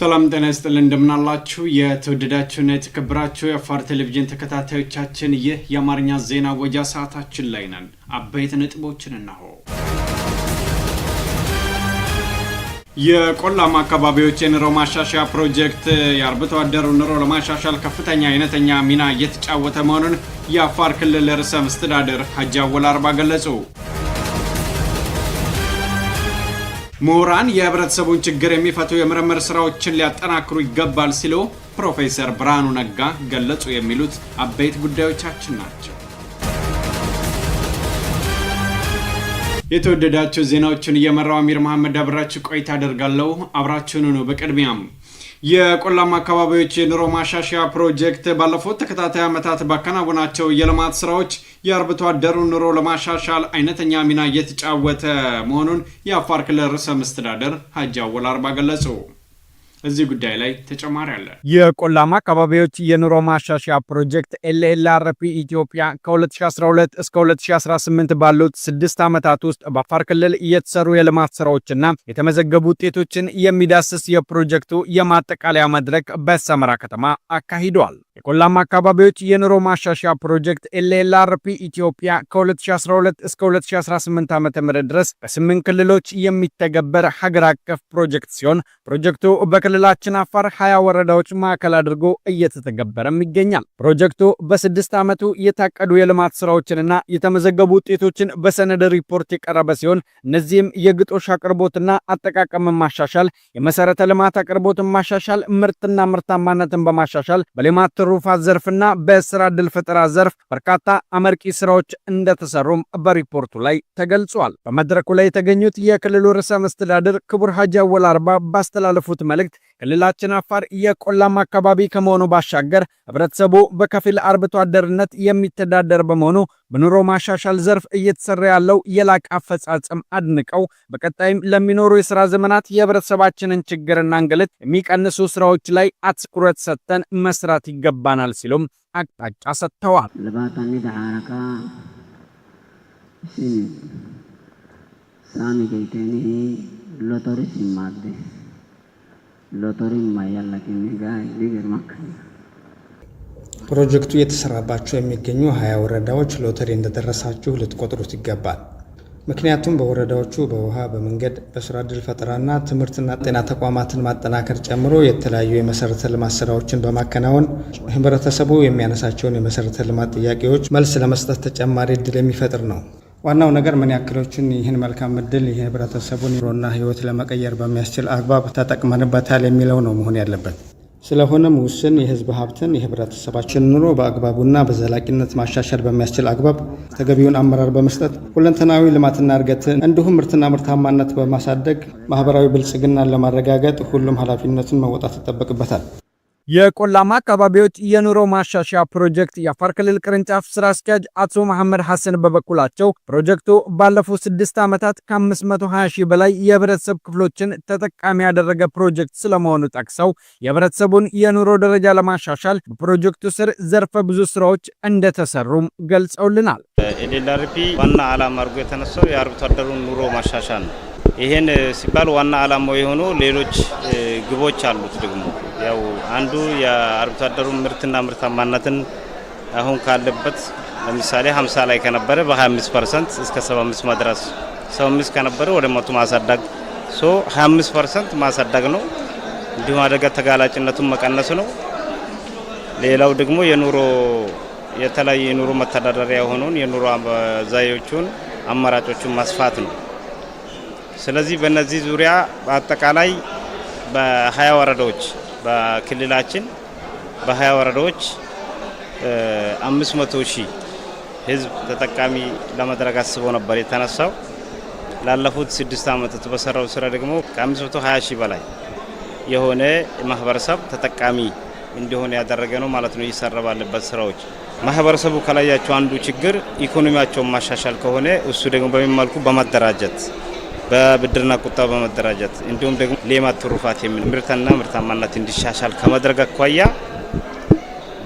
ሰላም ጤና ይስጥልን እንደምናላችሁ የተወደዳችሁና የተከበራችሁ የአፋር ቴሌቪዥን ተከታታዮቻችን፣ ይህ የአማርኛ ዜና ወጃ ሰዓታችን ላይ ነን። አበይት ነጥቦችን እነሆ። የቆላማ አካባቢዎች የኑሮ ማሻሻያ ፕሮጀክት የአርብቶ አደሩ ኑሮ ለማሻሻል ከፍተኛ አይነተኛ ሚና እየተጫወተ መሆኑን የአፋር ክልል ርዕሰ መስተዳድር ሀጂ አወል አርባ ገለጹ። ምሁራን የህብረተሰቡን ችግር የሚፈቱ የምርምር ስራዎችን ሊያጠናክሩ ይገባል ሲሉ ፕሮፌሰር ብርሃኑ ነጋ ገለጹ። የሚሉት አበይት ጉዳዮቻችን ናቸው። የተወደዳቸው ዜናዎችን እየመራው አሚር መሐመድ አብራችሁ ቆይታ አደርጋለሁ። አብራችሁን ነው። በቅድሚያም የቆላማ አካባቢዎች የኑሮ ማሻሻያ ፕሮጀክት ባለፉት ተከታታይ ዓመታት ባከናወናቸው የልማት ስራዎች የአርብቶ አደሩን ኑሮ ለማሻሻል አይነተኛ ሚና እየተጫወተ መሆኑን የአፋር ክልል ርዕሰ መስተዳደር ሀጂ አወል አርባ ገለጹ። እዚህ ጉዳይ ላይ ተጨማሪ አለ። የቆላማ አካባቢዎች የኑሮ ማሻሻያ ፕሮጀክት ኤልኤልአርፒ ኢትዮጵያ ከ2012 እስከ 2018 ባሉት ስድስት ዓመታት ውስጥ በአፋር ክልል እየተሰሩ የልማት ስራዎችና የተመዘገቡ ውጤቶችን የሚዳስስ የፕሮጀክቱ የማጠቃለያ መድረክ በሰመራ ከተማ አካሂዷል። የቆላማ አካባቢዎች የኑሮ ማሻሻያ ፕሮጀክት ኤልኤልአርፒ ኢትዮጵያ ከ2012 እስከ 2018 ዓ ም ድረስ በስምንት ክልሎች የሚተገበር ሀገር አቀፍ ፕሮጀክት ሲሆን ፕሮጀክቱ በክ ክልላችን አፋር ሀያ ወረዳዎች ማዕከል አድርጎ እየተተገበረም ይገኛል። ፕሮጀክቱ በስድስት ዓመቱ የታቀዱ የልማት ስራዎችንና የተመዘገቡ ውጤቶችን በሰነድ ሪፖርት የቀረበ ሲሆን እነዚህም የግጦሽ አቅርቦትና አጠቃቀምን ማሻሻል፣ የመሰረተ ልማት አቅርቦትን ማሻሻል፣ ምርትና ምርታማነትን በማሻሻል በልማት ትሩፋት ዘርፍና በስራ ዕድል ፈጠራ ዘርፍ በርካታ አመርቂ ስራዎች እንደተሰሩም በሪፖርቱ ላይ ተገልጿል። በመድረኩ ላይ የተገኙት የክልሉ ርዕሰ መስተዳድር ክቡር ሀጂ አወል አርባ ባስተላለፉት መልእክት ክልላችን አፋር የቆላማ አካባቢ ከመሆኑ ባሻገር ህብረተሰቡ በከፊል አርብቶ አደርነት የሚተዳደር በመሆኑ በኑሮ ማሻሻል ዘርፍ እየተሰራ ያለው የላቅ አፈጻጸም አድንቀው በቀጣይም ለሚኖሩ የስራ ዘመናት የህብረተሰባችንን ችግርና እንግልት የሚቀንሱ ስራዎች ላይ አትኩረት ሰጥተን መስራት ይገባናል ሲሉም አቅጣጫ ሰጥተዋል። ሳሚ ገይቴኒ ሎቶሪስ ሲማዴ ፕሮጀክቱ የተሰራባቸው የሚገኙ ሀያ ወረዳዎች ሎተሪ እንደደረሳችሁ ልትቆጥሩት ይገባል። ምክንያቱም በወረዳዎቹ በውሃ፣ በመንገድ፣ በስራ እድል ፈጠራና ትምህርትና ጤና ተቋማትን ማጠናከር ጨምሮ የተለያዩ የመሰረተ ልማት ስራዎችን በማከናወን ህብረተሰቡ የሚያነሳቸውን የመሰረተ ልማት ጥያቄዎች መልስ ለመስጠት ተጨማሪ እድል የሚፈጥር ነው። ዋናው ነገር ምን ያክሎችን ይህን መልካም እድል የህብረተሰቡን ኑሮና ህይወት ለመቀየር በሚያስችል አግባብ ተጠቅመንበታል የሚለው ነው መሆን ያለበት። ስለሆነም ውስን የህዝብ ሀብትን የህብረተሰባችን ኑሮ በአግባቡና በዘላቂነት ማሻሻል በሚያስችል አግባብ ተገቢውን አመራር በመስጠት ሁለንተናዊ ልማትና እድገትን እንዲሁም ምርትና ምርታማነት በማሳደግ ማህበራዊ ብልጽግናን ለማረጋገጥ ሁሉም ኃላፊነቱን መወጣት ይጠበቅበታል። የቆላማ አካባቢዎች የኑሮ ማሻሻያ ፕሮጀክት የአፋር ክልል ቅርንጫፍ ስራ አስኪያጅ አቶ መሐመድ ሐሰን በበኩላቸው ፕሮጀክቱ ባለፉት ስድስት ዓመታት ከ520 ሺህ በላይ የህብረተሰብ ክፍሎችን ተጠቃሚ ያደረገ ፕሮጀክት ስለመሆኑ ጠቅሰው የህብረተሰቡን የኑሮ ደረጃ ለማሻሻል በፕሮጀክቱ ስር ዘርፈ ብዙ ስራዎች እንደተሰሩም ገልጸውልናል። ኤልኤልአርፒ ዋና ዓላማ አድርጎ የተነሳው የአርብቶ አደሩን ኑሮ ማሻሻል ነው። ይህን ሲባል ዋና ዓላማው የሆኑ ሌሎች ግቦች አሉት ደግሞ ያው አንዱ የአርብቶ አደሩ ምርትና ምርታማነትን አሁን ካለበት ለምሳሌ 50 ላይ ከነበረ በ25 ፐርሰንት እስከ 75 መድረስ 75 ከነበረ ወደ መቶ ማሳደግ ሶ 25 ፐርሰንት ማሳደግ ነው። እንዲሁም አደጋ ተጋላጭነቱን መቀነስ ነው። ሌላው ደግሞ የኑሮ የተለያዩ የኑሮ መተዳደሪያ የሆኑን የኑሮ ዛዮቹን አማራጮቹን ማስፋት ነው። ስለዚህ በእነዚህ ዙሪያ በአጠቃላይ በሀያ ወረዳዎች በክልላችን በሀያ ወረዳዎች 500 ሺህ ህዝብ ተጠቃሚ ለማድረግ አስቦ ነበር የተነሳው። ላለፉት ስድስት ዓመታት በሰራው ስራ ደግሞ ከ520 ሺህ በላይ የሆነ ማህበረሰብ ተጠቃሚ እንዲሆን ያደረገ ነው ማለት ነው። እየሰራ ባለበት ስራዎች ማህበረሰቡ ከላያቸው አንዱ ችግር ኢኮኖሚያቸውን ማሻሻል ከሆነ እሱ ደግሞ በሚመልኩ በማደራጀት በብድርና ቁጠባ በመደራጀት እንዲሁም ደግሞ ሌማት ትሩፋት የሚል ምርትና ምርታማነት እንዲሻሻል ከመድረግ አኳያ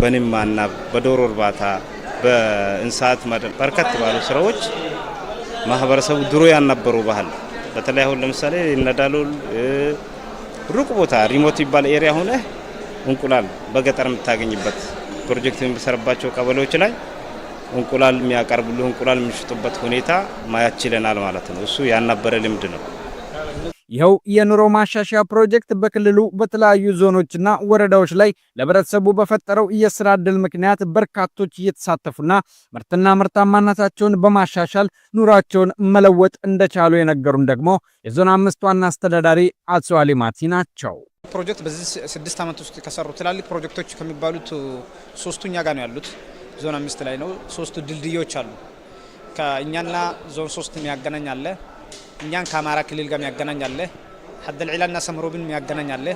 በንማና በዶሮ እርባታ፣ በእንስሳት ማደን በርከት ባሉ ስራዎች ማህበረሰቡ ድሮ ያልነበሩ ባህል በተለይ አሁን ለምሳሌ እነዳሎል ሩቅ ቦታ ሪሞት ይባል ኤሪያ ሆነ እንቁላል በገጠር የምታገኝበት ፕሮጀክት የሚሰራባቸው ቀበሌዎች ላይ እንቁላል የሚያቀርቡልህ እንቁላል የሚሸጡበት ሁኔታ ማየት ችለናል ማለት ነው። እሱ ያልነበረ ልምድ ነው። ይኸው የኑሮ ማሻሻያ ፕሮጀክት በክልሉ በተለያዩ ዞኖችና ወረዳዎች ላይ ለህብረተሰቡ በፈጠረው የስራ ዕድል ምክንያት በርካቶች እየተሳተፉና ምርትና ምርታማነታቸውን በማሻሻል ኑሯቸውን መለወጥ እንደቻሉ የነገሩን ደግሞ የዞን አምስት ዋና አስተዳዳሪ አቶ አሊማቲ ናቸው። ፕሮጀክት በዚህ ስድስት ዓመት ውስጥ ከሰሩ ትላልቅ ፕሮጀክቶች ከሚባሉት ሶስቱኛ ጋር ነው ያሉት ዞን አምስት ላይ ነው። ሶስት ድልድዮች አሉ። ከእኛና ዞን ሶስት የሚያገናኝ አለ። እኛን ከአማራ ክልል ጋር የሚያገናኝ አለ። ሀደልዒላና ሰምሮብን የሚያገናኝ አለ።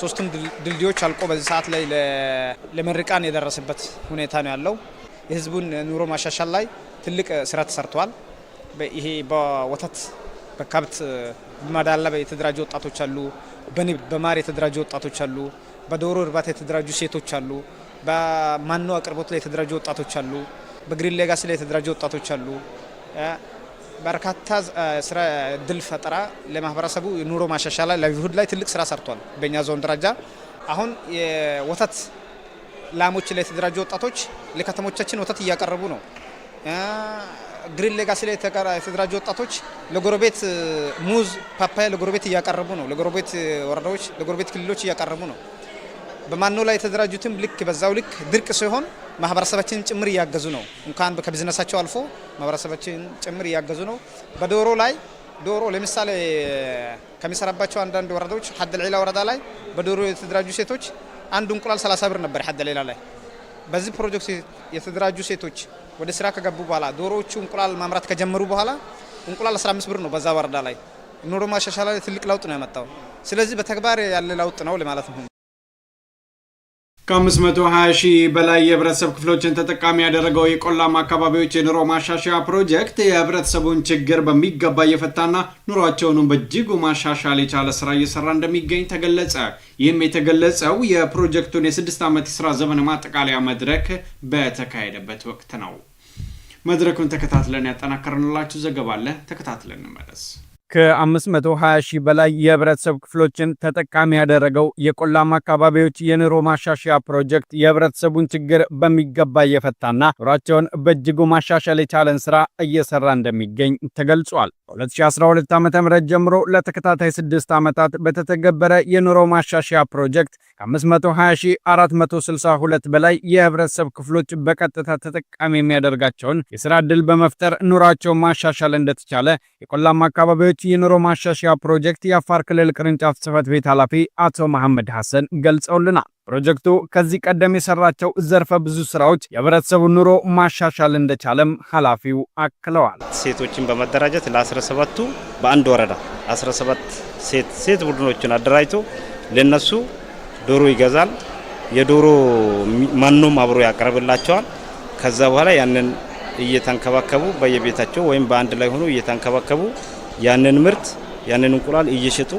ሶስቱም ድልድዮች አልቆ በዚህ ሰዓት ላይ ለመርቃን የደረሰበት ሁኔታ ነው ያለው። የህዝቡን ኑሮ ማሻሻል ላይ ትልቅ ስራ ተሰርተዋል። ይሄ በወተት በከብት በማዳላ የተደራጁ ወጣቶች አሉ። በንብ በማር የተደራጁ ወጣቶች አሉ። በዶሮ እርባታ የተደራጁ ሴቶች አሉ። በማኖ አቅርቦት ላይ የተደራጁ ወጣቶች አሉ። በግሪን ሌጋሲ ላይ የተደራጁ ወጣቶች አሉ። በርካታ ስራ እድል ፈጠራ ለማህበረሰቡ ኑሮ ማሻሻላ ላይቭሁድ ላይ ትልቅ ስራ ሰርቷል። በእኛ ዞን ደረጃ አሁን የወተት ላሞች ላይ የተደራጁ ወጣቶች ለከተሞቻችን ወተት እያቀረቡ ነው። ግሪን ሌጋሲ ላይ የተደራጁ ወጣቶች ለጎረቤት ሙዝ፣ ፓፓያ ለጎረቤት እያቀረቡ ነው። ለጎረቤት ወረዳዎች፣ ለጎረቤት ክልሎች እያቀረቡ ነው። በማኖ ላይ የተደራጁትም ልክ በዛው ልክ ድርቅ ሲሆን ማህበረሰባችንን ጭምር እያገዙ ነው። እንኳን ከቢዝነሳቸው አልፎ ማህበረሰባችን ጭምር እያገዙ ነው። በዶሮ ላይ ዶሮ ለምሳሌ ከሚሰራባቸው አንዳንድ ወረዳዎች ሀደ ወረዳ ላይ በዶሮ የተደራጁ ሴቶች አንድ እንቁላል 30 ብር ነበር ሀደ ልዒላ ላይ። በዚህ ፕሮጀክት የተደራጁ ሴቶች ወደ ስራ ከገቡ በኋላ ዶሮዎቹ እንቁላል ማምራት ከጀመሩ በኋላ እንቁላል 15 ብር ነው በዛ ወረዳ ላይ ኑሮ ማሻሻል ላይ ትልቅ ለውጥ ነው የመጣው ስለዚህ በተግባር ያለ ለውጥ ነው ለማለት ነው። መቶ 520 ሺህ በላይ የህብረተሰብ ክፍሎችን ተጠቃሚ ያደረገው የቆላማ አካባቢዎች የኑሮ ማሻሻያ ፕሮጀክት የህብረተሰቡን ችግር በሚገባ እየፈታና ኑሯቸውንም በእጅጉ ማሻሻል የቻለ ስራ እየሰራ እንደሚገኝ ተገለጸ። ይህም የተገለጸው የፕሮጀክቱን የስድስት ዓመት የስራ ዘመን ማጠቃለያ መድረክ በተካሄደበት ወቅት ነው። መድረኩን ተከታትለን ያጠናከርንላችሁ ዘገባ አለ። ተከታትለን እንመለስ። ከ520 ሺህ በላይ የህብረተሰብ ክፍሎችን ተጠቃሚ ያደረገው የቆላማ አካባቢዎች የኑሮ ማሻሻያ ፕሮጀክት የህብረተሰቡን ችግር በሚገባ እየፈታና ኑሯቸውን በእጅጉ ማሻሻል የቻለን ስራ እየሰራ እንደሚገኝ ተገልጿል። ከ2012 ዓ ም ጀምሮ ለተከታታይ 6 ዓመታት በተተገበረ የኑሮ ማሻሻያ ፕሮጀክት ከ520462 በላይ የህብረተሰብ ክፍሎች በቀጥታ ተጠቃሚ የሚያደርጋቸውን የስራ ዕድል በመፍጠር ኑሯቸውን ማሻሻል እንደተቻለ የቆላማ አካባቢዎች ኃላፊዎች የኑሮ ማሻሻያ ፕሮጀክት የአፋር ክልል ቅርንጫፍ ጽህፈት ቤት ኃላፊ አቶ መሐመድ ሐሰን ገልጸውልናል። ፕሮጀክቱ ከዚህ ቀደም የሰራቸው ዘርፈ ብዙ ስራዎች የህብረተሰቡ ኑሮ ማሻሻል እንደቻለም ኃላፊው አክለዋል። ሴቶችን በመደራጀት ለ17ቱ በአንድ ወረዳ 17 ሴት ሴት ቡድኖችን አደራጅቶ ለነሱ ዶሮ ይገዛል። የዶሮ መኖም አብሮ ያቀርብላቸዋል። ከዛ በኋላ ያንን እየተንከባከቡ በየቤታቸው ወይም በአንድ ላይ ሆኖ እየተንከባከቡ ያንን ምርት ያንን እንቁላል እየሸጡ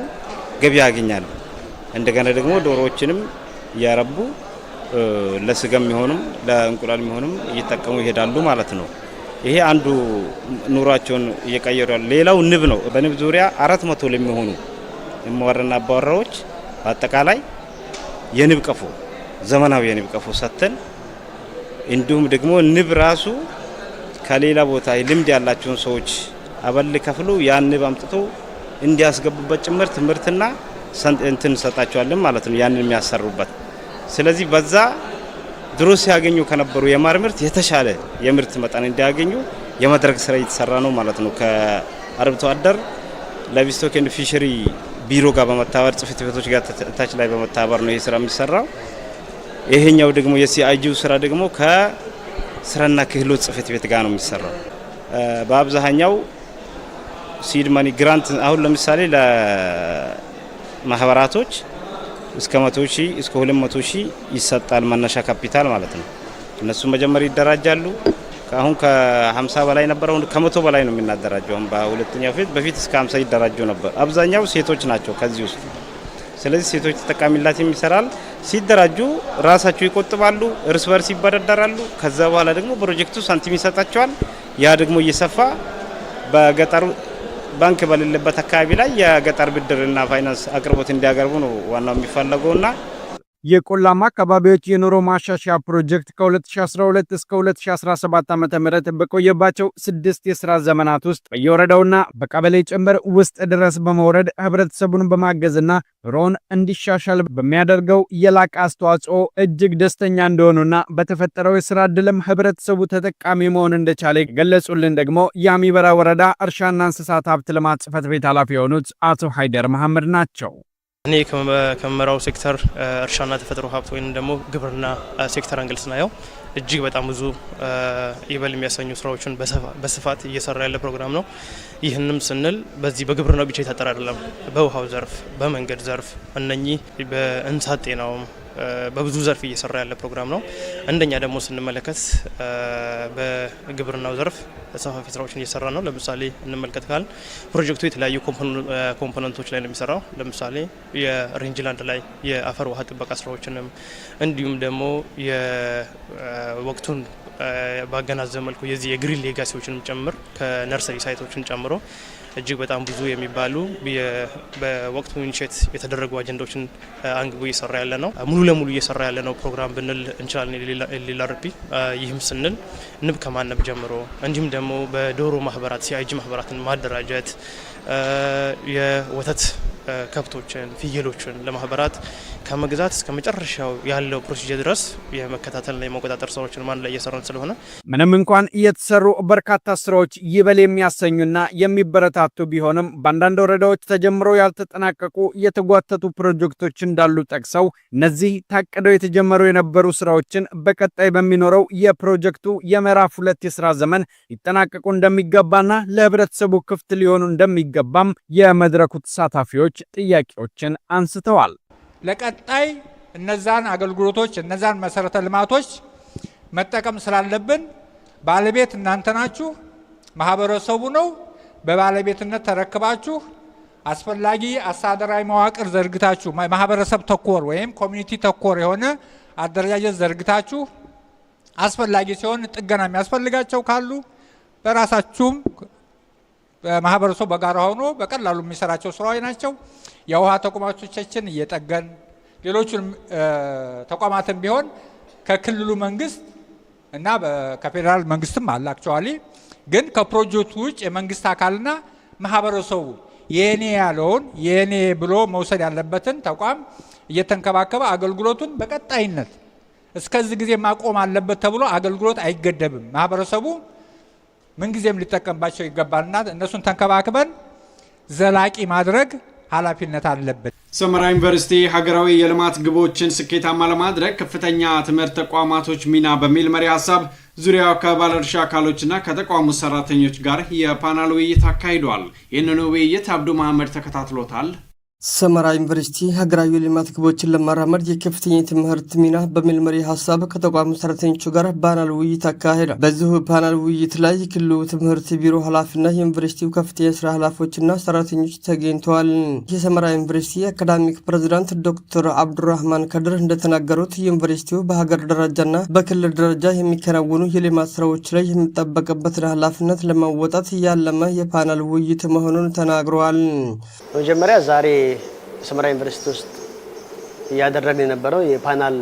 ገቢ ያገኛሉ። እንደገና ደግሞ ዶሮዎችንም እያረቡ ለስጋ የሚሆኑም ለእንቁላል የሚሆኑም እየጠቀሙ ይሄዳሉ ማለት ነው። ይሄ አንዱ ኑሯቸውን እየቀየሩ ያሉ። ሌላው ንብ ነው። በንብ ዙሪያ አራት መቶ ለሚሆኑ እማወራና አባወራዎች በአጠቃላይ የንብ ቀፎ ዘመናዊ የንብ ቀፎ ሰጥተን እንዲሁም ደግሞ ንብ ራሱ ከሌላ ቦታ ልምድ ያላቸውን ሰዎች አበል ከፍሉ ያን አምጥቶ እንዲያስገቡበት ጭምር ትምህርትና እንትን እንሰጣቸዋለን ማለት ነው፣ ያንን የሚያሰሩበት። ስለዚህ በዛ ድሮ ሲያገኙ ከነበሩ የማር ምርት የተሻለ የምርት መጠን እንዲያገኙ የመድረክ ስራ እየተሰራ ነው ማለት ነው። ከአርብቶ አደር ለቢስቶክ ኤንድ ፊሽሪ ቢሮ ጋር በመተባበር ጽሕፈት ቤቶች ጋር ታች ላይ በመተባበር ነው ይህ ስራ የሚሰራው። ይሄኛው ደግሞ የሲአይጂው ስራ ደግሞ ከስራና ክህሎት ጽፈት ቤት ጋር ነው የሚሰራው በአብዛኛው ሲድ ማኒ ግራንት አሁን ለምሳሌ ለማህበራቶች እስከ 100 ሺ እስከ 200 ሺህ ይሰጣል መነሻ ካፒታል ማለት ነው። እነሱ መጀመሪያ ይደራጃሉ። አሁን ከ50 በላይ ነበር፣ አሁን ከመቶ በላይ ነው የምናደራጀው። አሁን በሁለተኛው ፌዝ በፊት እስከ 50 ይደራጁ ነበር። አብዛኛው ሴቶች ናቸው ከዚህ ውስጥ። ስለዚህ ሴቶች ተጠቃሚላት ይሰራል። ሲደራጁ ራሳቸው ይቆጥባሉ፣ እርስ በርስ ይበዳደራሉ። ከዛ በኋላ ደግሞ ፕሮጀክቱ ሳንቲም ይሰጣቸዋል። ያ ደግሞ እየሰፋ በገጠሩ ባንክ በሌለበት አካባቢ ላይ የገጠር ብድርና ፋይናንስ አቅርቦት እንዲያቀርቡ ነው ዋናው የሚፈለገውና የቆላማ አካባቢዎች የኑሮ ማሻሻያ ፕሮጀክት ከ2012 እስከ 2017 ዓ ም በቆየባቸው ስድስት የሥራ ዘመናት ውስጥ በየወረዳውና በቀበሌ ጭምር ውስጥ ድረስ በመውረድ ህብረተሰቡን በማገዝና ሮን እንዲሻሻል በሚያደርገው የላቀ አስተዋጽኦ እጅግ ደስተኛ እንደሆኑና በተፈጠረው የሥራ ዕድልም ህብረተሰቡ ተጠቃሚ መሆን እንደቻለ የገለጹልን ደግሞ የአሚበራ ወረዳ እርሻና እንስሳት ሀብት ልማት ጽፈት ቤት ኃላፊ የሆኑት አቶ ሃይደር መሐመድ ናቸው። እኔ ከመመራው ሴክተር እርሻና ተፈጥሮ ሀብት ወይም ደግሞ ግብርና ሴክተር አንግል ስናየው እጅግ በጣም ብዙ ይበል የሚያሰኙ ስራዎችን በስፋት እየሰራ ያለ ፕሮግራም ነው። ይህንም ስንል በዚህ በግብርናው ብቻ የታጠር አይደለም። በውሃው ዘርፍ፣ በመንገድ ዘርፍ እነኚህ በእንስሳት ጤናውም በብዙ ዘርፍ እየሰራ ያለ ፕሮግራም ነው። አንደኛ ደግሞ ስንመለከት በግብርናው ዘርፍ ሰፋፊ ስራዎችን እየሰራ ነው። ለምሳሌ እንመልከት ካል ፕሮጀክቱ የተለያዩ ኮምፖነንቶች ላይ ነው የሚሰራው። ለምሳሌ የሬንጅላንድ ላይ የአፈር ውሃ ጥበቃ ስራዎችንም እንዲሁም ደግሞ የወቅቱን ባገናዘብ መልኩ የዚህ የግሪን ሌጋሲዎችንም ጨምር ከነርሰሪ ሳይቶችን ጨምሮ እጅግ በጣም ብዙ የሚባሉ በወቅቱ ኢኒሼት የተደረጉ አጀንዳዎችን አንግቦ እየሰራ ያለ ነው። ሙሉ ለሙሉ እየሰራ ያለ ነው ፕሮግራም ብንል እንችላለን። ሌላ ርቢ ይህም ስንል ንብ ከማነብ ጀምሮ እንዲሁም ደግሞ በዶሮ ማህበራት የአይጂ ማህበራትን ማደራጀት የወተት ከብቶችን፣ ፍየሎችን ለማህበራት ከመግዛት እስከ መጨረሻው ያለው ፕሮሲጀር ድረስ የመከታተልና የመቆጣጠር ስራዎችን ማን ላይ እየሰራን ስለሆነ ምንም እንኳን እየተሰሩ በርካታ ስራዎች ይበል የሚያሰኙና የሚበረታቱ ቢሆንም በአንዳንድ ወረዳዎች ተጀምሮ ያልተጠናቀቁ የተጓተቱ ፕሮጀክቶች እንዳሉ ጠቅሰው እነዚህ ታቅደው የተጀመሩ የነበሩ ስራዎችን በቀጣይ በሚኖረው የፕሮጀክቱ የምዕራፍ ሁለት የስራ ዘመን ሊጠናቀቁ እንደሚገባና ለህብረተሰቡ ክፍት ሊሆኑ እንደሚገባም የመድረኩ ተሳታፊዎች ጥያቄዎችን አንስተዋል። ለቀጣይ እነዛን አገልግሎቶች እነዛን መሰረተ ልማቶች መጠቀም ስላለብን ባለቤት እናንተ ናችሁ፣ ማህበረሰቡ ነው። በባለቤትነት ተረክባችሁ አስፈላጊ አስተዳደራዊ መዋቅር ዘርግታችሁ ማህበረሰብ ተኮር ወይም ኮሚኒቲ ተኮር የሆነ አደረጃጀት ዘርግታችሁ አስፈላጊ ሲሆን ጥገና የሚያስፈልጋቸው ካሉ በራሳችሁም ማህበረሰቡ በጋራ ሆኖ በቀላሉ የሚሰራቸው ስራዎች ናቸው። የውሃ ተቋማቶቻችን እየጠገን ሌሎቹን ተቋማትን ቢሆን ከክልሉ መንግስት እና ከፌዴራል መንግስትም አለ አክቹዋሊ ግን ከፕሮጀክቱ ውጭ የመንግስት አካልና ማህበረሰቡ የኔ ያለውን የኔ ብሎ መውሰድ ያለበትን ተቋም እየተንከባከበ አገልግሎቱን በቀጣይነት እስከዚህ ጊዜ ማቆም አለበት ተብሎ አገልግሎት አይገደብም። ማህበረሰቡ ምንጊዜም ሊጠቀምባቸው ይገባልና እነሱን ተንከባክበን ዘላቂ ማድረግ ኃላፊነት አለበት። ሰመራ ዩኒቨርሲቲ ሀገራዊ የልማት ግቦችን ስኬታማ ለማድረግ ከፍተኛ ትምህርት ተቋማቶች ሚና በሚል መሪ ሀሳብ ዙሪያው ከባለድርሻ አካሎችና ከተቋሙ ሰራተኞች ጋር የፓናል ውይይት አካሂዷል። ይህንን ውይይት አብዱ መሐመድ ተከታትሎታል። ሰመራ ዩኒቨርሲቲ ሀገራዊ የልማት ግቦችን ለማራመድ የከፍተኛ ትምህርት ሚና በሚል መሪ ሀሳብ ከተቋሙ ሰራተኞቹ ጋር ፓናል ውይይት አካሄደ። በዚሁ ፓናል ውይይት ላይ የክልሉ ትምህርት ቢሮ ኃላፊና የዩኒቨርሲቲው ከፍተኛ ስራ ኃላፊዎችና ሰራተኞች ተገኝተዋል። የሰመራ ዩኒቨርሲቲ አካዳሚክ ፕሬዚዳንት ዶክተር አብዱራህማን ከድር እንደተናገሩት ዩኒቨርሲቲው በሀገር ደረጃና በክልል ደረጃ የሚከናወኑ የልማት ስራዎች ላይ የሚጠበቅበትን ኃላፊነት ለማወጣት ያለመ የፓናል ውይይት መሆኑን ተናግረዋል። መጀመሪያ ዛሬ ሰመራ ዩኒቨርሲቲ ውስጥ እያደረግን የነበረው የፓናል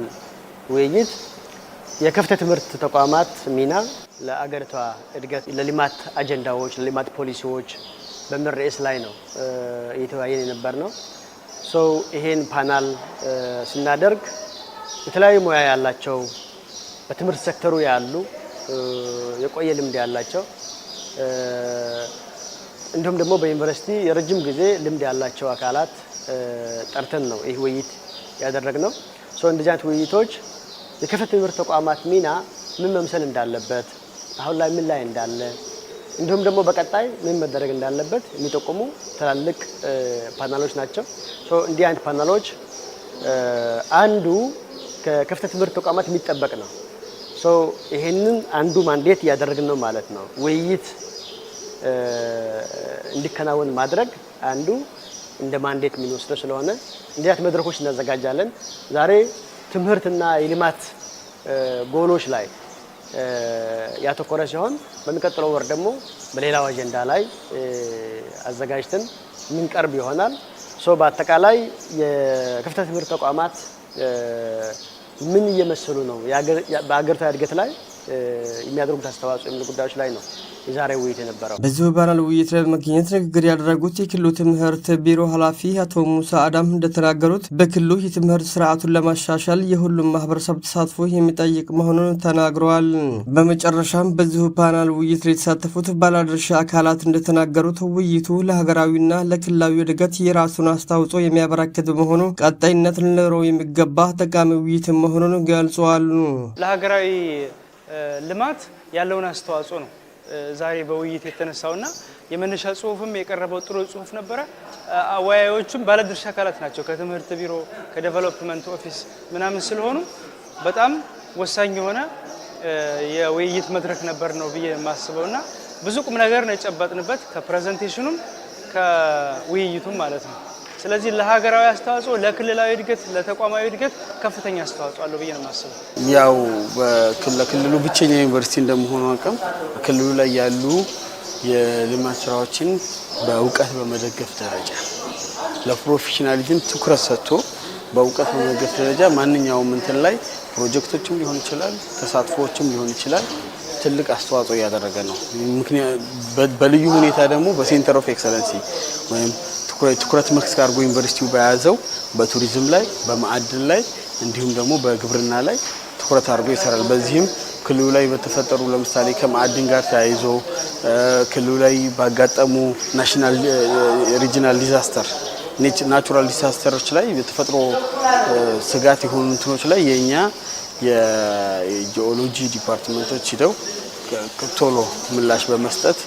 ውይይት የከፍተ ትምህርት ተቋማት ሚና ለአገሪቷ እድገት፣ ለልማት አጀንዳዎች፣ ለልማት ፖሊሲዎች በምን ርዕስ ላይ ነው እየተወያየን የነበር ነው። ሰው ይሄን ፓናል ስናደርግ የተለያዩ ሙያ ያላቸው በትምህርት ሴክተሩ ያሉ የቆየ ልምድ ያላቸው እንዲሁም ደግሞ በዩኒቨርሲቲ የረጅም ጊዜ ልምድ ያላቸው አካላት ጠርተን ነው ይህ ውይይት ያደረግነው። እንደዚህ አይነት ውይይቶች የከፍተኛ ትምህርት ተቋማት ሚና ምን መምሰል እንዳለበት፣ አሁን ላይ ምን ላይ እንዳለ፣ እንዲሁም ደግሞ በቀጣይ ምን መደረግ እንዳለበት የሚጠቁሙ ትላልቅ ፓናሎች ናቸው። እንዲህ አይነት ፓናሎች አንዱ ከከፍተ ትምህርት ተቋማት የሚጠበቅ ነው። ይሄንን አንዱ ማንዴት እያደረግን ነው ማለት ነው። ውይይት እንዲከናወን ማድረግ አንዱ እንደ ማንዴት የምንወስደው ስለሆነ እንዲያት መድረኮች እናዘጋጃለን። ዛሬ ትምህርትና የልማት ጎሎች ላይ ያተኮረ ሲሆን በሚቀጥለው ወር ደግሞ በሌላው አጀንዳ ላይ አዘጋጅተን የምንቀርብ ይሆናል። ሶ በአጠቃላይ የከፍተኛ ትምህርት ተቋማት ምን እየመሰሉ ነው፣ በሀገሪቷ እድገት ላይ የሚያደርጉት አስተዋጽኦ የሚሉ ጉዳዮች ላይ ነው የዛሬ ውይይት የነበረው። በዚሁ ይባላል ውይይት ላይ በመገኘት ንግግር ያደረጉት የክልሉ ትምህርት ቢሮ ኃላፊ አቶ ሙሳ አዳም እንደተናገሩት በክልሉ የትምህርት ስርዓቱን ለማሻሻል የሁሉም ማህበረሰብ ተሳትፎ የሚጠይቅ መሆኑን ተናግረዋል። በመጨረሻም በዚሁ ፓናል ውይይት ላይ የተሳተፉት ባለድርሻ አካላት እንደተናገሩት ውይይቱ ለሀገራዊና ለክልላዊ እድገት የራሱን አስተዋጽኦ የሚያበረክት በመሆኑ ቀጣይነት ሊኖረው የሚገባ ጠቃሚ ውይይት መሆኑን ገልጸዋል። ለሀገራዊ ልማት ያለውን አስተዋጽኦ ነው ዛሬ በውይይት የተነሳውና የመነሻ ጽሁፍም የቀረበው ጥሩ ጽሁፍ ነበረ። አወያዮቹም ባለድርሻ አካላት ናቸው። ከትምህርት ቢሮ ከዴቨሎፕመንት ኦፊስ ምናምን ስለሆኑ በጣም ወሳኝ የሆነ የውይይት መድረክ ነበር ነው ብዬ የማስበው እና ብዙ ቁም ነገር ነው የጨበጥንበት ከፕሬዘንቴሽኑም ከውይይቱም ማለት ነው። ስለዚህ ለሀገራዊ አስተዋጽኦ፣ ለክልላዊ እድገት፣ ለተቋማዊ እድገት ከፍተኛ አስተዋጽኦ አለው ብዬ ነው የማስበው። ያው ለክልሉ ብቸኛ ዩኒቨርሲቲ እንደመሆኑ አቅም ክልሉ ላይ ያሉ የልማት ስራዎችን በእውቀት በመደገፍ ደረጃ ለፕሮፌሽናሊዝም ትኩረት ሰጥቶ በእውቀት በመደገፍ ደረጃ ማንኛውም እንትን ላይ ፕሮጀክቶችም ሊሆን ይችላል፣ ተሳትፎዎችም ሊሆን ይችላል ትልቅ አስተዋጽኦ እያደረገ ነው። በልዩ ሁኔታ ደግሞ በሴንተር ኦፍ ኤክሰለንሲ ወይም ትኩረት መስክ አድርጎ ዩኒቨርሲቲው በያዘው በቱሪዝም ላይ በማዕድን ላይ እንዲሁም ደግሞ በግብርና ላይ ትኩረት አድርጎ ይሰራል። በዚህም ክልሉ ላይ በተፈጠሩ ለምሳሌ ከማዕድን ጋር ተያይዞ ክልሉ ላይ ባጋጠሙ ናሽናል ሪጂናል ዲዛስተር ናቹራል ዲዛስተሮች ላይ የተፈጥሮ ስጋት የሆኑ እንትኖች ላይ የእኛ የጂኦሎጂ ዲፓርትመንቶች ሂደው ቶሎ ምላሽ በመስጠት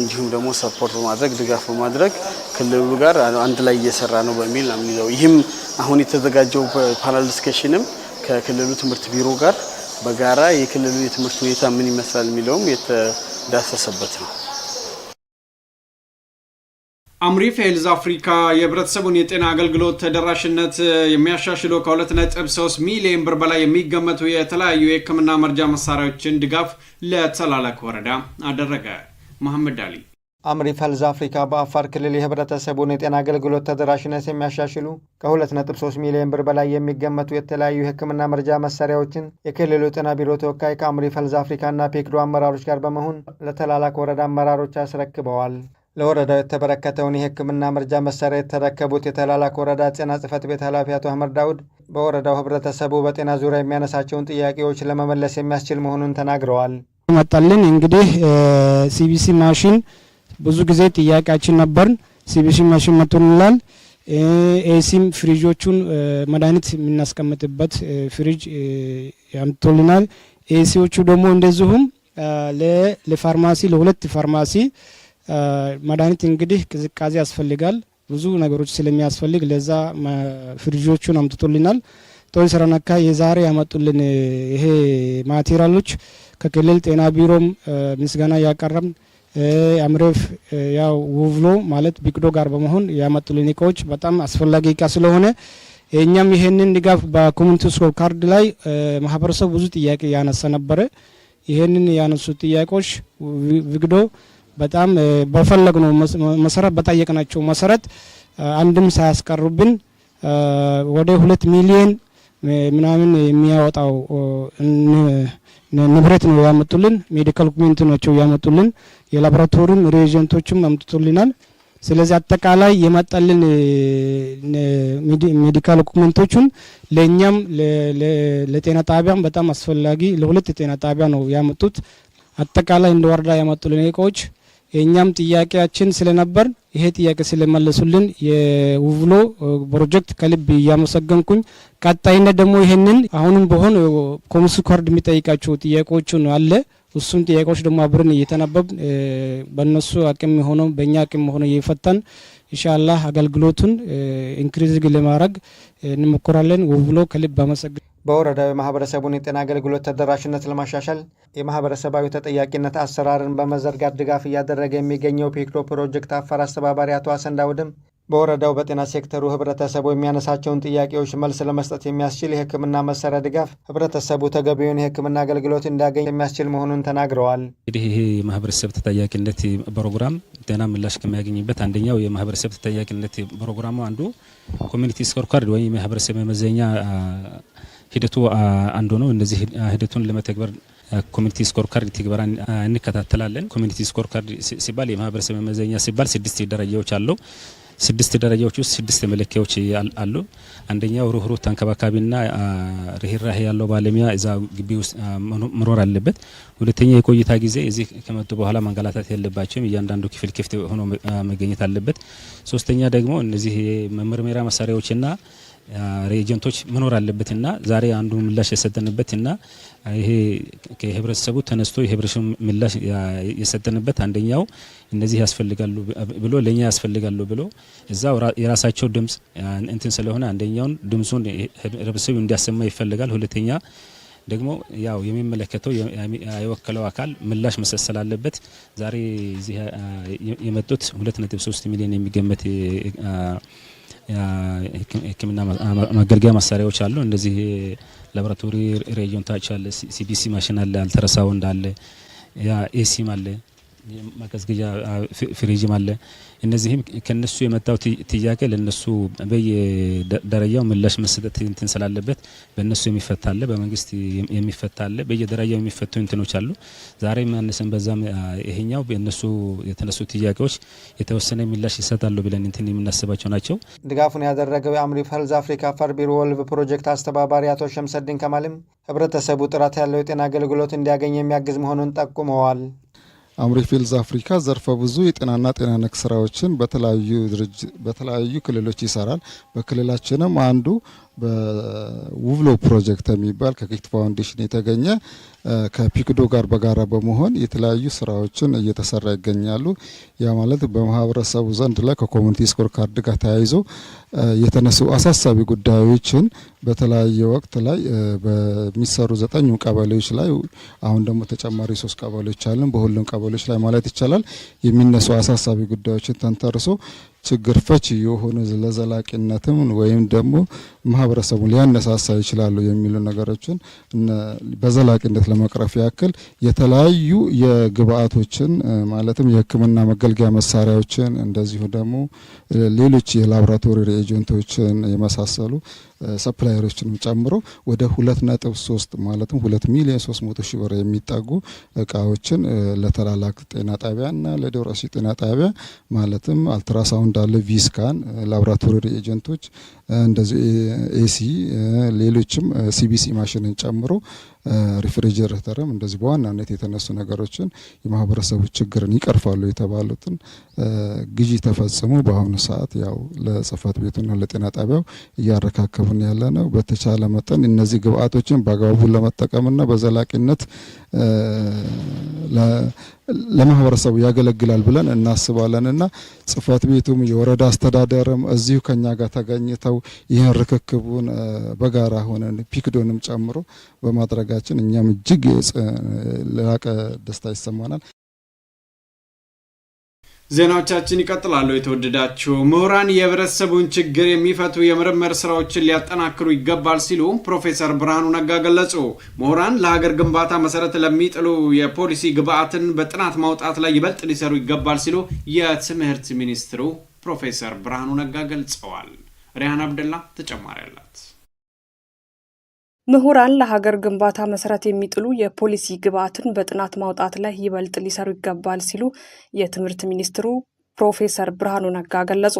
እንዲሁም ደግሞ ሰፖርት በማድረግ ድጋፍ በማድረግ ክልሉ ጋር አንድ ላይ እየሰራ ነው በሚል ነው የሚለው። ይህም አሁን የተዘጋጀው ፓናል ዲስከሽንም ከክልሉ ትምህርት ቢሮ ጋር በጋራ የክልሉ የትምህርት ሁኔታ ምን ይመስላል የሚለውም የተዳሰሰበት ነው። አምሪፍ ሄልዝ አፍሪካ የህብረተሰቡን የጤና አገልግሎት ተደራሽነት የሚያሻሽሉ ከ2.3 ሚሊዮን ብር በላይ የሚገመቱ የተለያዩ የሕክምና መርጃ መሳሪያዎችን ድጋፍ ለተላላክ ወረዳ አደረገ። መሐመድ አሊ አምሪፈልዝ አፍሪካ በአፋር ክልል የህብረተሰቡን የጤና አገልግሎት ተደራሽነት የሚያሻሽሉ ከ2.3 ሚሊዮን ብር በላይ የሚገመቱ የተለያዩ የህክምና መርጃ መሳሪያዎችን የክልሉ ጤና ቢሮ ተወካይ ከአምሪፈልዝ አፍሪካና ፔክዶ አመራሮች ጋር በመሆን ለተላላክ ወረዳ አመራሮች አስረክበዋል። ለወረዳው የተበረከተውን የህክምና መርጃ መሳሪያ የተረከቡት የተላላክ ወረዳ ጤና ጽህፈት ቤት ኃላፊ አቶ አህመድ ዳውድ በወረዳው ህብረተሰቡ በጤና ዙሪያ የሚያነሳቸውን ጥያቄዎች ለመመለስ የሚያስችል መሆኑን ተናግረዋል። መጣልን። እንግዲህ ሲቢሲ ማሽን ብዙ ጊዜ ጥያቄያችን ነበርን። ሲቢሲ ማሽን መጥቶልናል። ኤሲም ፍሪጆቹን መድኃኒት የምናስቀምጥበት ፍሪጅ ያምጥቶልናል። ኤሲዎቹ ደግሞ እንደዚሁም ለፋርማሲ ለሁለት ፋርማሲ መድኃኒት እንግዲህ ቅዝቃዜ ያስፈልጋል ብዙ ነገሮች ስለሚያስፈልግ ለዛ ፍሪጆቹን አምጥቶልናል። ጦር ሰረነካ የዛሬ ያመጡልን ይሄ ማቴሪያሎች ከክልል ጤና ቢሮም ምስጋና እያቀረብን አምሬፍ ያው ውብሎ ማለት ቢቅዶ ጋር በመሆን ያመጡልን እቃዎች በጣም አስፈላጊ እቃ ስለሆነ እኛም ይሄንን ድጋፍ በኮሚኒቲ ስኮር ካርድ ላይ ማህበረሰብ ብዙ ጥያቄ ያነሳ ነበረ። ይሄንን ያነሱ ጥያቄዎች ቢቅዶ በጣም በፈለግነው መሰረት በጠየቅናቸው መሰረት አንድም ሳያስቀሩብን ወደ ሁለት ሚሊየን ምናምን የሚያወጣው ንብረት ነው ያመጡልን። ሜዲካል ኩሜንት ናቸው ያመጡልን። የላቦራቶሪም ሬጀንቶችም አምጥቶልናል። ስለዚህ አጠቃላይ የመጣልን ሜዲካል ኩሜንቶቹን ለእኛም ለጤና ጣቢያም በጣም አስፈላጊ ለሁለት የጤና ጣቢያ ነው ያመጡት። አጠቃላይ እንደ ወረዳ ያመጡልን እቃዎች የእኛም ጥያቄያችን ስለነበር ይሄ ጥያቄ ስለመለሱልን የውብሎ ፕሮጀክት ከልብ እያመሰገንኩኝ፣ ቀጣይነት ደግሞ ይህንን አሁንም በሆን ኮሚስ ኮርድ የሚጠይቃቸው ጥያቄዎቹን አለ እሱም ጥያቄዎች ደግሞ አብረን እየተናበብ በእነሱ አቅም የሆነው በእኛ አቅም የሆነው እየፈታን ኢንሻአላህ አገልግሎቱን ኢንክሪዝግ ለማድረግ እንሞክራለን። ውብሎ ከልብ አመሰግን። በወረዳው የማህበረሰቡን የጤና አገልግሎት ተደራሽነት ለማሻሻል የማህበረሰባዊ ተጠያቂነት አሰራርን በመዘርጋት ድጋፍ እያደረገ የሚገኘው ፔክዶ ፕሮጀክት አፋር አስተባባሪ አቶ አሰንዳውድም በወረዳው በጤና ሴክተሩ ህብረተሰቡ የሚያነሳቸውን ጥያቄዎች መልስ ለመስጠት የሚያስችል የህክምና መሳሪያ ድጋፍ ህብረተሰቡ ተገቢውን የህክምና አገልግሎት እንዲያገኝ የሚያስችል መሆኑን ተናግረዋል። እንግዲህ ይህ የማህበረሰብ ተጠያቂነት ፕሮግራም ጤና ምላሽ ከሚያገኝበት አንደኛው የማህበረሰብ ተጠያቂነት ፕሮግራሙ አንዱ ኮሚኒቲ ስኮርካርድ ወይም የማህበረሰብ መመዘኛ ሂደቱ አንዱ ነው። እነዚህ ሂደቱን ለመተግበር ኮሚኒቲ ስኮር ካርድ ትግበራ እንከታተላለን። ኮሚኒቲ ስኮር ካርድ ሲባል የማህበረሰብ መመዘኛ ሲባል ስድስት ደረጃዎች አለው። ስድስት ደረጃዎች ውስጥ ስድስት መለኪያዎች አሉ። አንደኛው ሩህሩህ ተንከባካቢና ርህራሄ ያለው ባለሙያ እዛ ግቢ ውስጥ መኖር አለበት። ሁለተኛ የቆይታ ጊዜ እዚህ ከመጡ በኋላ ማንገላታት የለባቸውም። እያንዳንዱ ክፍል ክፍት ሆኖ መገኘት አለበት። ሶስተኛ ደግሞ እነዚህ መመርመሪያ መሳሪያዎችና ሬጀንቶች መኖር አለበት እና ዛሬ አንዱ ምላሽ የሰጠንበት እና ይሄ ከህብረተሰቡ ተነስቶ የህብረተሰቡ ምላሽ የሰጠንበት አንደኛው እነዚህ ያስፈልጋሉ ብሎ ለእኛ ያስፈልጋሉ ብሎ እዛው የራሳቸው ድምፅ እንትን ስለሆነ አንደኛውን ድምፁን ህብረተሰቡ እንዲያሰማ ይፈልጋል። ሁለተኛ ደግሞ ያው የሚመለከተው የወከለው አካል ምላሽ መሰጥ ስላለበት ዛሬ እዚህ የመጡት 2.3 ሚሊዮን የሚገመት የህክምና መገልገያ መሳሪያዎች አሉ። እንደዚህ ላቦራቶሪ ሬጂዮን ታች አለ፣ ሲቢሲ ማሽን አለ፣ አልትራሳውንድ አለ፣ ኤሲም አለ። ማቀዝቀዣ ፍሪጅም አለ። እነዚህም ከነሱ የመጣው ጥያቄ ለነሱ በየደረጃው ምላሽ መስጠት እንትን ስላለበት በእነሱ የሚፈታ አለ፣ በመንግስት የሚፈታ አለ፣ በየደረጃው የሚፈቱ እንትኖች አሉ። ዛሬ ማነሰን በዛም ይሄኛው በእነሱ የተነሱ ጥያቄዎች የተወሰነ ምላሽ ይሰጣሉ ብለን እንትን የምናስባቸው ናቸው። ድጋፉን ያደረገው የአምሪፍ ሄልዝ አፍሪካ አፋር ቢሮ ወልቭ ፕሮጀክት አስተባባሪ አቶ ሸምሰድን ከማልም ህብረተሰቡ ጥራት ያለው የጤና አገልግሎት እንዲያገኝ የሚያግዝ መሆኑን ጠቁመዋል። ፊልዝ አፍሪካ ዘርፈ ብዙ የጤናና ጤና ነክ ስራዎችን በተለያዩ ክልሎች ይሰራል። በክልላችንም አንዱ በውብሎ ፕሮጀክት የሚባል ከኪት ፋውንዴሽን የተገኘ ከፒክዶ ጋር በጋራ በመሆን የተለያዩ ስራዎችን እየተሰራ ይገኛሉ። ያ ማለት በማህበረሰቡ ዘንድ ላይ ከኮሚኒቲ ስኮር ካርድ ጋር ተያይዞ የተነሱ አሳሳቢ ጉዳዮችን በተለያየ ወቅት ላይ በሚሰሩ ዘጠኙ ቀበሌዎች ላይ አሁን ደግሞ ተጨማሪ ሶስት ቀበሌዎች አለን። በሁሉም ቀበሌዎች ላይ ማለት ይቻላል የሚነሱ አሳሳቢ ጉዳዮችን ተንተርሶ ችግር ፈች የሆነ ለዘላቂነትም ወይም ደግሞ ማህበረሰቡን ሊያነሳሳ ይችላሉ የሚሉ ነገሮችን በዘላቂነት ለመቅረፍ ያክል የተለያዩ የግብአቶችን ማለትም የሕክምና መገልገያ መሳሪያዎችን እንደዚሁ ደግሞ ሌሎች የላቦራቶሪ ኤጀንቶችን የመሳሰሉ ሰፕላየሮችንም ጨምሮ ወደ ሁለት ነጥብ ሶስት ማለትም ሁለት ሚሊዮን ሶስት መቶ ሺህ ብር የሚጠጉ እቃዎችን ለተላላክ ጤና ጣቢያ ጣቢያና ለደብረሲ ጤና ጣቢያ ማለትም አልትራሳውንድ አለ፣ ቪስካን ላብራቶሪ ኤጀንቶች እንደዚህ ኤሲ ሌሎችም ሲቢሲ ማሽንን ጨምሮ ሪፍሪጀሬተርም እንደዚህ በዋናነት የተነሱ ነገሮችን የማህበረሰቡ ችግርን ይቀርፋሉ የተባሉትን ግዢ ተፈጽሞ በአሁኑ ሰዓት ያው ለጽህፈት ቤቱና ለጤና ጣቢያው እያረካከብን ያለ ነው። በተቻለ መጠን እነዚህ ግብአቶችን በአግባቡ ለመጠቀምና በዘላቂነት ለማህበረሰቡ ያገለግላል ብለን እናስባለን እና ጽህፈት ቤቱም የወረዳ አስተዳደርም እዚሁ ከኛ ጋር ተገኝተው ይህን ርክክቡን በጋራ ሆነን ፒክዶንም ጨምሮ በማድረጋችን እኛም እጅግ ላቀ ደስታ ይሰማናል። ዜናዎቻችን ይቀጥላሉ። የተወደዳችሁ ምሁራን የህብረተሰቡን ችግር የሚፈቱ የምርምር ስራዎችን ሊያጠናክሩ ይገባል ሲሉ ፕሮፌሰር ብርሃኑ ነጋ ገለጹ። ምሁራን ለሀገር ግንባታ መሰረት ለሚጥሉ የፖሊሲ ግብዓትን በጥናት ማውጣት ላይ ይበልጥ ሊሰሩ ይገባል ሲሉ የትምህርት ሚኒስትሩ ፕሮፌሰር ብርሃኑ ነጋ ገልጸዋል። ሪያን አብደላ ተጨማሪ አላት። ምሁራን ለሀገር ግንባታ መሰረት የሚጥሉ የፖሊሲ ግብዓትን በጥናት ማውጣት ላይ ይበልጥ ሊሰሩ ይገባል ሲሉ የትምህርት ሚኒስትሩ ፕሮፌሰር ብርሃኑ ነጋ ገለጹ።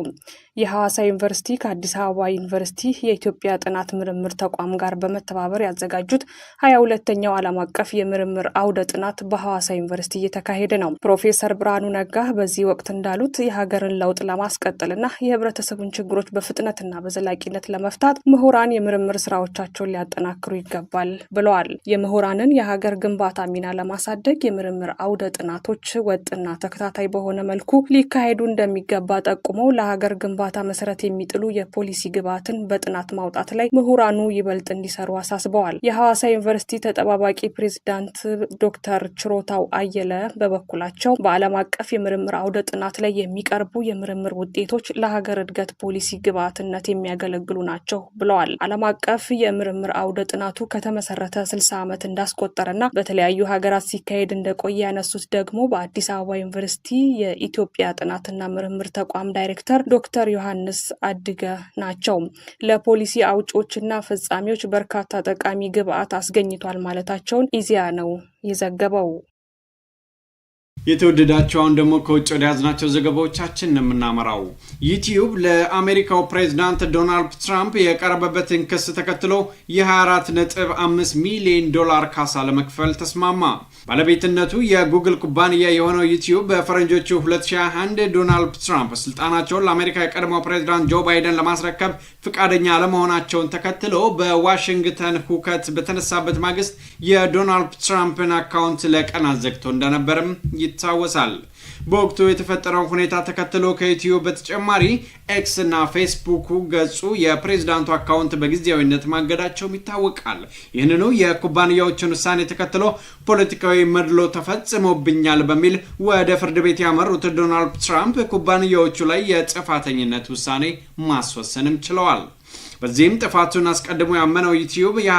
የሐዋሳ ዩኒቨርሲቲ ከአዲስ አበባ ዩኒቨርሲቲ የኢትዮጵያ ጥናት ምርምር ተቋም ጋር በመተባበር ያዘጋጁት ሀያ ሁለተኛው ዓለም አቀፍ የምርምር አውደ ጥናት በሐዋሳ ዩኒቨርሲቲ እየተካሄደ ነው። ፕሮፌሰር ብርሃኑ ነጋ በዚህ ወቅት እንዳሉት የሀገርን ለውጥ ለማስቀጠልና የህብረተሰቡን ችግሮች በፍጥነትና በዘላቂነት ለመፍታት ምሁራን የምርምር ስራዎቻቸውን ሊያጠናክሩ ይገባል ብለዋል። የምሁራንን የሀገር ግንባታ ሚና ለማሳደግ የምርምር አውደ ጥናቶች ወጥና ተከታታይ በሆነ መልኩ ሊካ ሊካሄዱ እንደሚገባ ጠቁመው ለሀገር ግንባታ መሰረት የሚጥሉ የፖሊሲ ግብዓትን በጥናት ማውጣት ላይ ምሁራኑ ይበልጥ እንዲሰሩ አሳስበዋል። የሐዋሳ ዩኒቨርሲቲ ተጠባባቂ ፕሬዚዳንት ዶክተር ችሮታው አየለ በበኩላቸው በዓለም አቀፍ የምርምር አውደ ጥናት ላይ የሚቀርቡ የምርምር ውጤቶች ለሀገር እድገት ፖሊሲ ግብዓትነት የሚያገለግሉ ናቸው ብለዋል። ዓለም አቀፍ የምርምር አውደ ጥናቱ ከተመሰረተ 60 ዓመት እንዳስቆጠረና በተለያዩ ሀገራት ሲካሄድ እንደቆየ ያነሱት ደግሞ በአዲስ አበባ ዩኒቨርሲቲ የኢትዮጵያ ጥናት የጥናትና ምርምር ተቋም ዳይሬክተር ዶክተር ዮሐንስ አድገ ናቸው። ለፖሊሲ አውጮችና ፈጻሚዎች በርካታ ጠቃሚ ግብዓት አስገኝቷል ማለታቸውን ኢዜአ ነው የዘገበው። የተወደዳቸው አሁን ደግሞ ከውጭ ወደ ያዝናቸው ዘገባዎቻችን የምናመራው ዩቲዩብ ለአሜሪካው ፕሬዚዳንት ዶናልድ ትራምፕ የቀረበበትን ክስ ተከትሎ የ24.5 ሚሊዮን ዶላር ካሳ ለመክፈል ተስማማ። ባለቤትነቱ የጉግል ኩባንያ የሆነው ዩቲዩብ በፈረንጆቹ 2021 ዶናልድ ትራምፕ ስልጣናቸውን ለአሜሪካ የቀድሞው ፕሬዚዳንት ጆ ባይደን ለማስረከብ ፍቃደኛ አለመሆናቸውን ተከትሎ በዋሽንግተን ሁከት በተነሳበት ማግስት የዶናልድ ትራምፕን አካውንት ለቀናት ዘግቶ እንደነበርም ይታወሳል። በወቅቱ የተፈጠረውን ሁኔታ ተከትሎ ከዩቲዩብ በተጨማሪ ኤክስ እና ፌስቡኩ ገጹ የፕሬዝዳንቱ አካውንት በጊዜያዊነት ማገዳቸውም ይታወቃል። ይህንኑ የኩባንያዎችን ውሳኔ ተከትሎ ፖለቲካዊ መድሎ ተፈጽሞብኛል በሚል ወደ ፍርድ ቤት ያመሩት ዶናልድ ትራምፕ ኩባንያዎቹ ላይ የጥፋተኝነት ውሳኔ ማስወሰንም ችለዋል። በዚህም ጥፋቱን አስቀድሞ ያመነው ዩትዩብ የ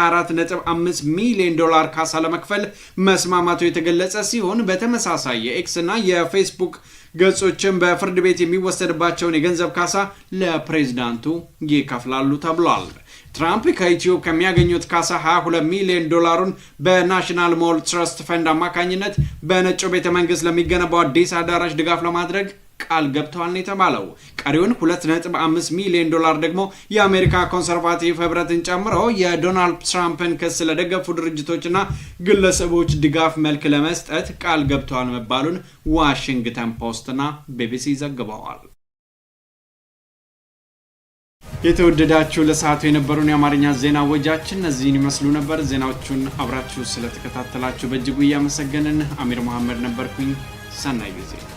5 ሚሊዮን ዶላር ካሳ ለመክፈል መስማማቱ የተገለጸ ሲሆን በተመሳሳይ የኤክስ እና የፌስቡክ ገጾችን በፍርድ ቤት የሚወሰድባቸውን የገንዘብ ካሳ ለፕሬዚዳንቱ ይከፍላሉ ተብሏል። ትራምፕ ከዩትዩብ ከሚያገኙት ካሳ 22 ሚሊዮን ዶላሩን በናሽናል ሞል ትረስት ፈንድ አማካኝነት በነጩ ቤተ መንግስት ለሚገነባው አዲስ አዳራሽ ድጋፍ ለማድረግ ቃል ገብተዋል ነው የተባለው። ቀሪውን 2.5 ሚሊዮን ዶላር ደግሞ የአሜሪካ ኮንሰርቫቲቭ ህብረትን ጨምሮ የዶናልድ ትራምፕን ክስ ለደገፉ ድርጅቶችና ግለሰቦች ድጋፍ መልክ ለመስጠት ቃል ገብተዋል መባሉን ዋሽንግተን ፖስትና ቢቢሲ ዘግበዋል። የተወደዳችሁ ለሰዓቱ የነበሩን የአማርኛ ዜና ወጃችን እነዚህን ይመስሉ ነበር። ዜናዎቹን አብራችሁ ስለተከታተላችሁ በእጅጉ እያመሰገንን አሚር መሐመድ ነበርኩኝ። ሰናይ ጊዜ